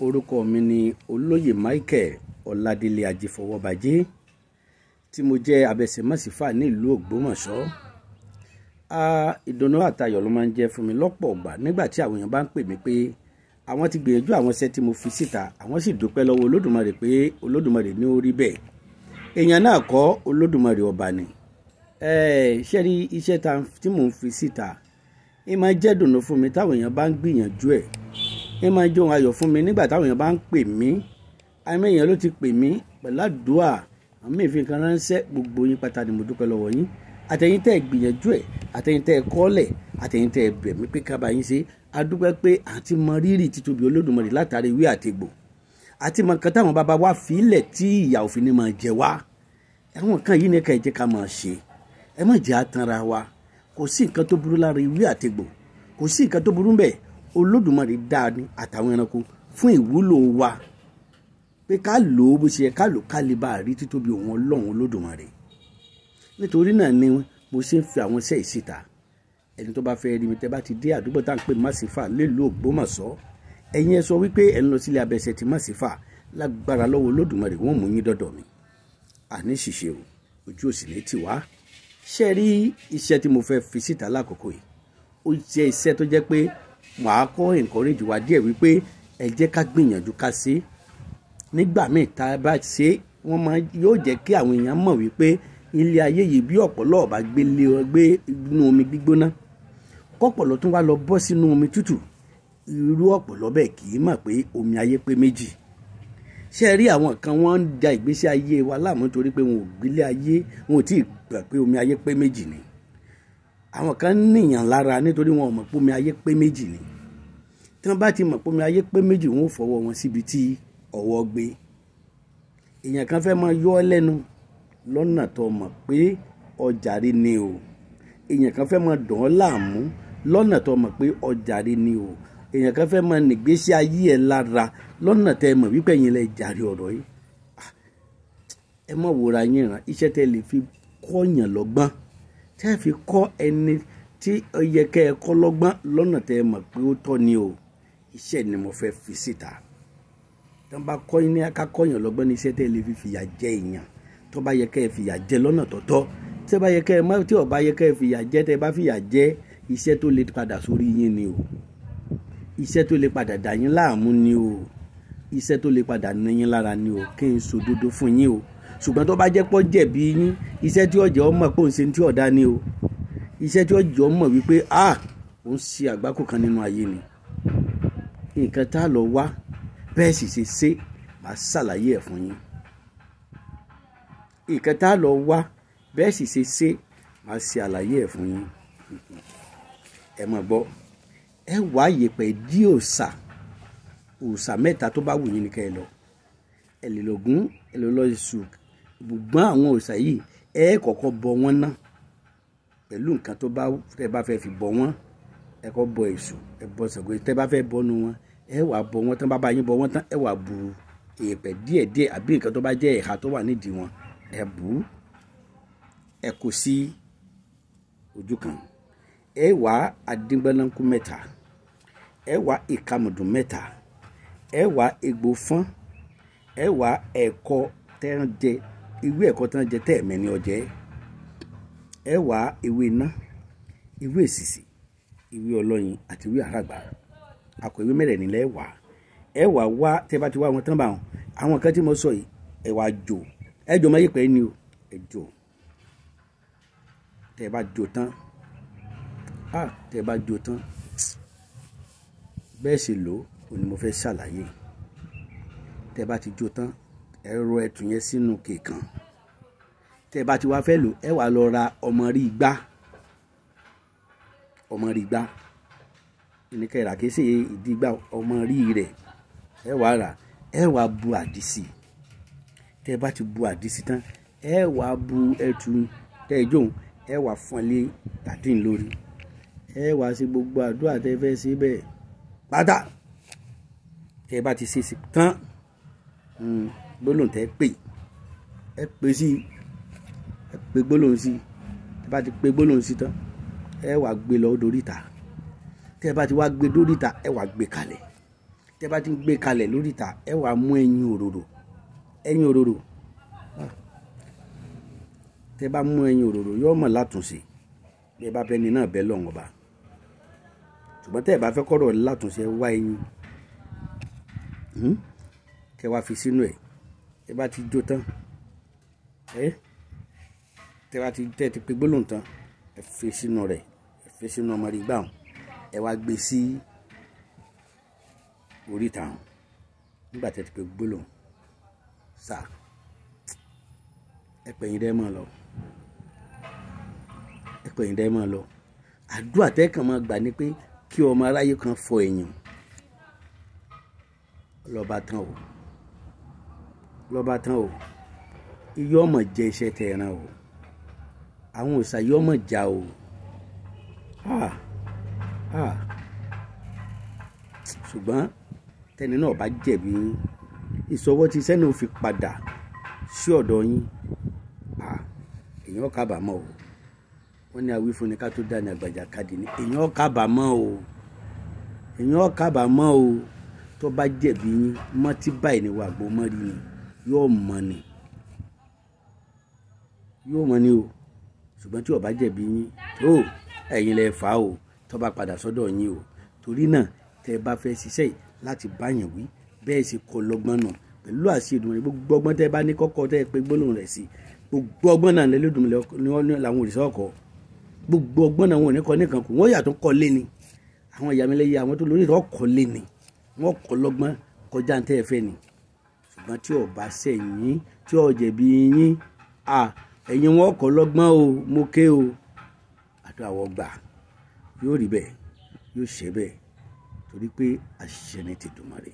orúkọ mi ni olóyè Michael Ọládélé Ajífọwọ́bajé tí mo jẹ́ abẹsẹ̀mọ́sífà ní ìlú Ògbómọ̀ṣọ́ a ìdùnnú àtayọ̀ ló máa ń jẹ́ fún mi lọ́pọ̀ ọ̀gbà nígbà tí àwọn èèyàn bá ń pè mí pé àwọn ti gbìyànjú àwọn iṣẹ́ tí mo fi síta àwọn sì dúpẹ́ lọ́wọ́ Olódùmarè pé Olódùmarè ní ó bẹ́ẹ̀ èèyàn náà kọ́ Olódùmarè ọba ni ṣé rí iṣẹ́ tí mò ń fi síta ìmọ̀ jẹ́ dùnnú fún mi táwọn èèyàn bá ń gbìyànjú ẹ̀ ẹ máa jó ohun ayọ̀ fún mi nígbà táwọn èèyàn bá ń pè mí àìmọ̀ èèyàn ló ti pè mí pẹ̀lú àdúrà àmì ìfi nǹkan ránṣẹ́ gbogbo yín pátá ni mo dúpẹ́ lọ́wọ́ yín àtẹ̀yin tẹ́ ẹ gbìyànjú ẹ̀ àtẹ̀yin tẹ́ ẹ kọ́lẹ̀ àtẹ̀yin tẹ́ ẹ bẹ̀ mí pé kábàá yín ṣe adúpẹ́ pé àti mọ rírì títóbi olódùmarè látàrí ìwé àtẹ̀gbò àti mọ nǹkan táwọn bàbá wa fílẹ̀ tí ìyà òfin ni máa jẹ wá àwọn nǹkan yìí ni ká ẹ jẹ́ ká máa ṣe ẹ má jẹ́ àtanra wa kò sí nǹkan tó burú lára ìwé àtẹ̀gbò kò sí nǹkan tó burú bẹ́ẹ̀ olódùmarè dá ni àtàwọn ẹranko fún ìwúlò wa pé ká lò ó bó ṣe yẹ ká lò ká lè bá rí títóbi òun ọlọ́run olódùmarè nítorí náà ni mo ṣe ń fi àwọn iṣẹ́ ìsìta ẹni tó bá fẹ́ rí mi tẹ́ bá ti dé àdúgbò tá à ń pè màsífà nílùú Ògbómọ̀ṣọ́ ẹ̀yin ẹ sọ wípé ẹ̀ ń lọ sílé abẹ́sẹ̀ ti màsífà lágbára lọ́wọ́ olódùmarè wọ́n mú yín dọ́dọ̀ mi àní ṣìṣe o ojú òsì ní tiwa ṣe rí iṣẹ́ tí mo fẹ́ fi síta lákòókò yìí ó jẹ́ iṣẹ́ tó jẹ́ pé màá kọ́ encourage wa díẹ̀ wípé ẹ jẹ́ ká gbìyànjú ká ṣe nígbà míì tá a bá ṣe wọ́n máa yóò jẹ́ kí àwọn èèyàn mọ̀ wípé ilé ayé yìí bí ọ̀pọ̀lọ́ bá gbé lé ọ gbé inú omi gbígbóná kọ́pọ̀lọ́ tún wá lọ bọ́ sínú omi tútù irú ọ̀pọ̀lọ́ bẹ́ẹ̀ kì í mọ̀ pé omi ayé pé méjì ṣé ẹ rí àwọn kan wọ́n ń da ìgbésí ayé wa láàmú torí pé wọn ò gbélé ayé wọn ò tí gbà pé omi ayé pé méjì ni àwọn kan níyàn lára nítorí wọn mọ̀ pómi ayé pé méjì ni tí wọ́n bá ti mọ̀ pómi ayé pé méjì wọn ò fọwọ́ wọn síbi tí ọwọ́ gbé èèyàn kan fẹ́ máa yọ ọ́ lẹ́nu lọ́nà tó mọ̀ pé ọjàre ni o èèyàn kan fẹ́ máa dàn ọ́ láàmú lọ́nà tó mọ̀ pé ọjàre ni o èèyàn kan fẹ́ máa nìgbésí ayé ẹ̀ lára lọ́nà tẹ́ ẹ mọ̀ wípé ẹ̀yin lẹ jàre ọ̀rọ̀ yìí ah, ẹ mọ̀ wòra yín ràn iṣẹ́ tẹ́ lè fi kọ́yàn lọ́gbọ́n tẹ́ fi kọ́ ẹni tí ó yẹ kẹ́ ẹ kọ́ lọ́gbọ́n lọ́nà tẹ́ ẹ mọ̀ pé ó tọ́ ni o iṣẹ́ ni mo fẹ́ fi síta tó bá kọ́ ní aká kọ́yàn lọ́gbọ́n ní iṣẹ́ tẹ́ ẹ lè fi fìyà jẹ èèyàn tó bá yẹ kẹ́ ẹ fìyà jẹ lọ́nà tọ́tọ́ tí ó bá yẹ kẹ́ ẹ má tí ó yẹ kẹ́ ẹ fìyà jẹ tẹ́ ẹ bá fìyà jẹ iṣẹ́ tó lè padà sórí yín ni o iṣẹ́ tó lè padà dà yín láàmú ni o iṣẹ́ tó lè padà ní yín lára ni o kí n sòdodo fún yín o ṣùgbọ́n tó bá jẹ́ pọ́ jẹ̀bi yín iṣẹ́ tí ọ̀jẹ̀ ọmọ pé òun ṣe ti ọ̀dá ni o iṣẹ́ tí ọ̀jẹ̀ ọmọ wípé a òun ṣe àgbákò kan nínú ayé ni nǹkan tá a lọ wá bẹ́ẹ̀ sì ṣe ṣe màá ṣàlàyé ẹ̀ fún yín nǹkan tá a lọ wá bẹ́ẹ̀ sì ṣe ṣe màá ṣe àlàyé ẹ̀ fún yín ẹ mọ̀ gbọ́ ẹ wá yèpẹ̀ dí òòṣà òòṣà mẹ́ta tó bá wù yín ni kẹ́ ẹ lọ ẹ lè lọ gún ẹ lè lọ sùn gbùgbọ́n àwọn òòṣà yìí ẹ kọ́kọ́ bọ wọ́n ná pẹ̀lú nǹkan tó bá tẹ́ bá fẹ́ fi bọ wọ́n ẹ kọ́ bọ èṣù ẹ bọ Ṣàngó tẹ́ bá fẹ́ bọ́nu wọn ẹ wà bọ wọ́n tán bàbá yín bọ wọ́n tán ẹ wà bu èèpẹ̀ díẹ̀díẹ̀ àbí nǹkan tó bá jẹ́ ìhà tó wà nídìí wọn ẹ bù ú ẹ kò sí ojú kan ẹ wá adíngbẹ́lánkú mẹ́ta ẹ wá ìkàmùdùn mẹ́ta ẹ wá egbò fọ́n ẹ wá ẹ̀kọ tẹ́rànjẹ ewé ẹ̀kọ́ tán jẹ tẹ́ẹ̀mẹ́ ni ọ̀jẹ́ ẹ wá ewé iná ewé èsìsì ewé ọlọ́yin àti ewé àràgbà àkọ ewé mẹ́rẹ̀ nílẹ̀ wá ẹ wá wá tẹ́ bá ti wá wọn tán bá wọn àwọn kan tí mo sọ yìí ẹ wá jò ẹ jò mọ́ yípẹ́ ni o ẹ jò tẹ́ bá jò tán a tẹ́ bá jò tán bẹ́ẹ̀ sì lò ó ni mo fẹ́ ṣàlàyé tẹ́ bá ti jò tán ẹ rọ ẹtù yẹn sínú kèèkàn tẹ́ ẹ bá ti wá fẹ́ lò ẹ wà lọ ra ọmọ rí igbá ọmọ rí igbá nìkan ìrà kìí ṣe ìdígbà ọmọ rí rẹ̀ ẹ wà rà ẹ wà bu àdìsí tẹ́ ẹ bá ti bu àdìsí tán ẹ wà bu ẹtù tẹ́ ẹ jóun ẹ wà fọnlé tàdín lórí ẹ wà sí gbogbo àdúrà tẹ́ fẹ́ ṣe bẹ́ẹ̀ pátá tẹ́ bá ti ṣe sí tán hmm, gbólóhùn pè ẹ pè sí i pe gbólóhùn sí tẹ́ bá ti pe gbólóhùn sí tán ẹ wàá gbé lọ dórí ìta tẹ́ bá ti wá gbé dórí ìta ẹ wàá gbé kalẹ̀ tẹ́ bá ti gbé kalẹ̀ lórí ìta ẹ wàá mú ẹyin òróró ẹyin òróró tẹ́ bá mú ẹyin òróró yóò mọ̀ látúnṣe bẹ́ẹ̀ bá bẹ́ni náà bẹ́ẹ̀ lọ́wọ́n ọba ṣùgbọ́n tẹ́ ẹ bá fẹ́ kọ́rọ̀ látúnṣe wá ẹyin hmm? kẹ́ wá fi sínú ẹ̀ ẹ bá ti jó tán Eh? tẹ́ bá ti tẹ́ ti pe gbólóhùn tán ẹ fi sínú rẹ̀ ẹ fi sínú ọmọ rí gbàùn ẹ wá gbé sí orí ìtàn nígbà tẹ́ ti pe gbólóhùn sà ẹ pẹ̀yìn dẹ́ mọ́ lọ ẹ pẹ̀yìn dẹ́ mọ́ lọ àdúrà tẹ́ kàn máa gbà ni pé kí ọmọ aráyé kan fọ èèyàn lọ́ba tán o lọ́ba tán o iye jẹ́ iṣẹ́ tẹ̀ ẹ̀ràn o àwọn òòṣà yìí ọmọ ìjà o ah, ah. ṣùgbọ́n tẹni náà bá jẹ̀bi ìṣọwọ́ tí iṣẹ́ náà fi padà sí ọ̀dọ̀ yín ah, èèyàn kábàámọ̀ o wọ́n ní àwífúnni ká tó dání àgbàjà kadì ní èèyàn kábàámọ̀ o èèyàn kábàámọ̀ o tó bá jẹ̀bi yín mọ́tí báyìí ni wàá gbọ́ ni yóò mọ́ ni yóò mọ́ ni o ṣùgbọ́n tí ó bá jẹ̀bi yín ó ẹ̀yin lẹ fà á o tó bá padà sọ́dọ̀ yín o torí náà tẹ́ ẹ bá fẹ́ ṣiṣẹ́ láti báyàn wí bẹ́ẹ̀ sì kọ́ lọ́gbọ́n náà pẹ̀lú àṣìdùn rẹ̀ gbogbo ọgbọ́n tẹ́ ẹ bá ní kọ́kọ́ tẹ́ ẹ pé gbólóhùn rẹ̀ sí gbogbo ọgbọ́n náà lẹ́lẹ́dùn làwọn òrìṣà ọkọ̀ gbogbo ọgbọ́n náà wọn ò ní kọ́ nìkan kù wọ́n yàtọ̀ kọ́ lé ni àwọn ìyá mi lẹ́yìn àwọn tó lórí ìtọ́ kọ́ lé ni wọ́n kọ́ lọ́gbọ́n kọjá tẹ́ ẹ fẹ́ ni ṣùgbọ́n tí ó ṣẹ̀yìn tí ó yín à ẹ̀yin wọn kọ́ lọ́gbọ́n o mo ké o àdúrà wọ́n gbà yóò rí bẹ́ẹ̀ yóò ṣe bẹ́ẹ̀ torí pé àṣìṣe ni ti Èdùmàrè.